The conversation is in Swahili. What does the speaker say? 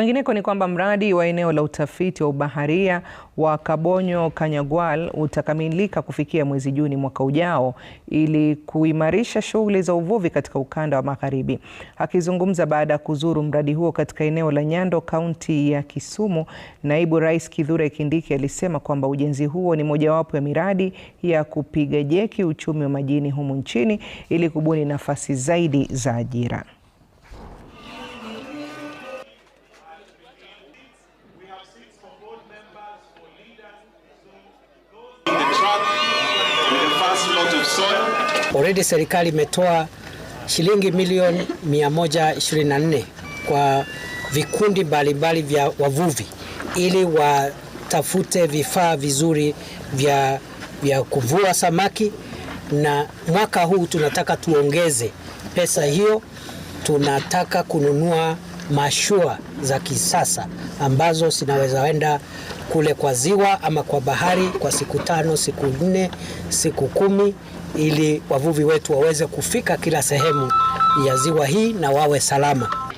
Wengineko ni kwamba mradi wa eneo la utafiti wa ubaharia wa Kabonyo Kanyagwal utakamilika kufikia mwezi Juni mwaka ujao ili kuimarisha shughuli za uvuvi katika ukanda wa magharibi. Akizungumza baada ya kuzuru mradi huo katika eneo la Nyando, kaunti ya Kisumu, naibu rais Kithure Kindiki alisema kwamba ujenzi huo ni mojawapo ya miradi ya kupiga jeki uchumi wa majini humu nchini ili kubuni nafasi zaidi za ajira. Already serikali imetoa shilingi milioni 124 kwa vikundi mbalimbali vya wavuvi ili watafute vifaa vizuri vya, vya kuvua samaki, na mwaka huu tunataka tuongeze pesa hiyo, tunataka kununua mashua za kisasa ambazo zinaweza enda kule kwa ziwa ama kwa bahari kwa siku tano, siku nne, siku kumi ili wavuvi wetu waweze kufika kila sehemu ya ziwa hii na wawe salama.